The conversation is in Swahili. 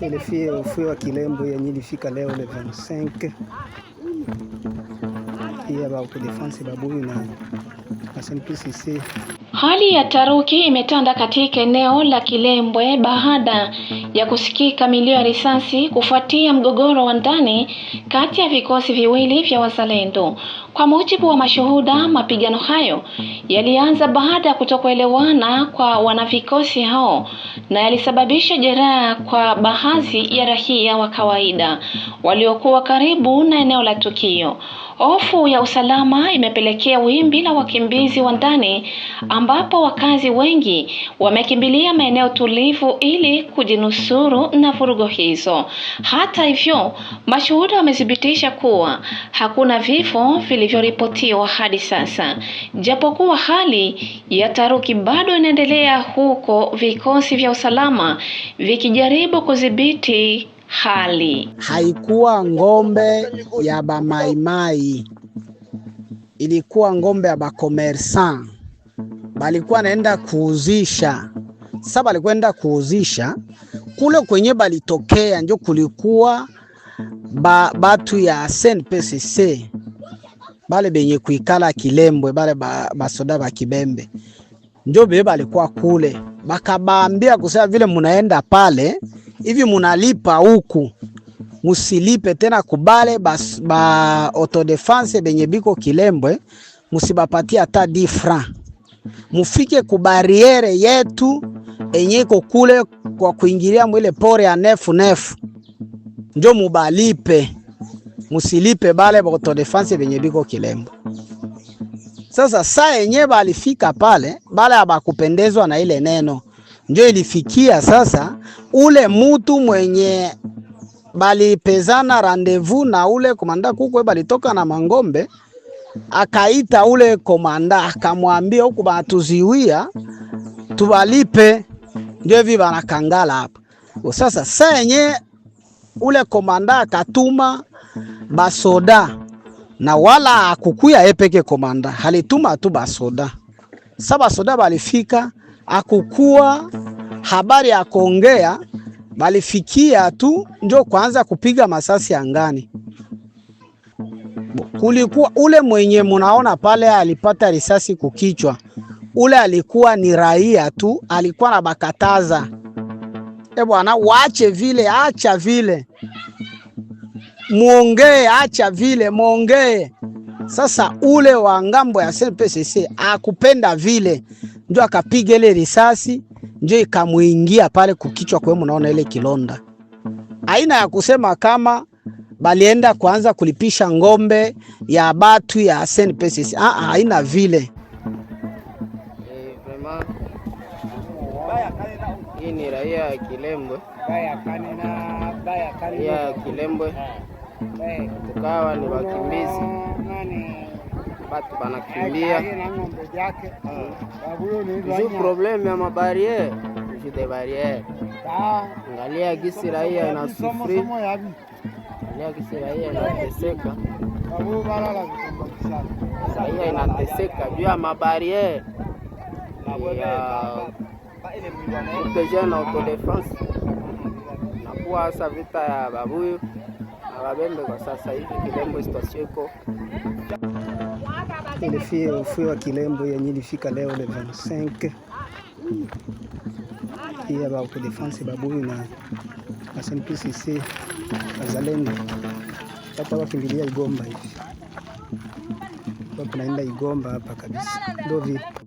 Elefie ofue wa kilembo yenye ilifika leo le 25 pia bakudefansi babuyu na SNPCC. Hali ya taruki imetanda katika eneo la Kilembwe baada ya kusikika milio ya risasi kufuatia mgogoro wa ndani kati ya vikosi viwili vya wazalendo. Kwa mujibu wa mashuhuda, mapigano hayo yalianza baada ya kutokuelewana kwa wanavikosi hao na yalisababisha jeraha kwa baadhi ya raia wa kawaida waliokuwa karibu na eneo la tukio. Hofu ya usalama imepelekea wimbi la wakimbizi wa ndani ambapo wakazi wengi wamekimbilia maeneo tulivu ili kujinusuru na vurugo hizo. Hata hivyo, mashuhuda wamethibitisha kuwa hakuna vifo vili ilivyoripotiwa hadi sasa, japokuwa hali ya taruki bado inaendelea huko, vikosi vya usalama vikijaribu kudhibiti hali. Haikuwa ng'ombe ya bamaimai, ilikuwa ng'ombe ya bakomersan, balikuwa naenda kuuzisha sasa balikwenda kuuzisha kule kwenye balitokea, njo kulikuwa ba, batu ya SNPCC bale benye kuikala Kilembwe bale ba, basoda ba Kibembe njo bebe balikuwa kule, bakabaambia kusema vile munaenda pale hivi munalipa huku, musilipe tena kubale bas, ba autodefense benye biko Kilembwe musibapatie hata 10 francs mufike kubariere yetu enye iko kule kwa kuingilia mwile pore ya nefu nefu, njo mubalipe musilipe bale bakutodefanse venye biko Kilembo. Sasa saa yenye balifika pale, bale abakupendezwa na ile neno, njo ilifikia sasa ule mutu mwenye balipezana randevu na ule komanda kukwe balitoka na Mangombe, akaita ule komanda akamwambia, huku batuziwia tubalipe, ndio hivi banakangala hapa sasa. Saa yenye ule komanda akatuma basoda na wala akukuya epeke komanda, halituma tu basoda. Sa basoda balifika, akukuwa habari ya kuongea, balifikia tu njo kwanza kupiga masasi angani. Kulikuwa ule mwenye munaona pale alipata risasi kukichwa, ule alikuwa ni raia tu, alikuwa na bakataza, ebwana, wache vile, acha vile muongee, acha vile, muongee. Sasa ule wa ngambo ya SPCC akupenda vile, ndio akapiga ile risasi, ndio ikamuingia pale kukichwa kwa naona ile kilonda. Aina ya kusema kama balienda kuanza kulipisha ngombe ya batu ya snpcc ah, ah, aina vile hii ni raia ya Kilembwe ya Kilembwe eh. Eh, tukawa ni wakimbizi batu banakimbia juu eh, problemu ya mabariere jude bariere. Angalia gisi raia inasufri, angalia gisi raia inateseka, raia inateseka juu ya mabariere ya proteje na autodefense, nakuwa hasa vita ya babuyu Kabembe kwa sasa hivi Kilembo station iko ufue wa Kilembo yenye ilifika leo le 25 iya ba autodefense babuyu na SNPCC Wazalendo hata wakimbilia Igomba hivi, naenda Igomba hapa kabisa vipi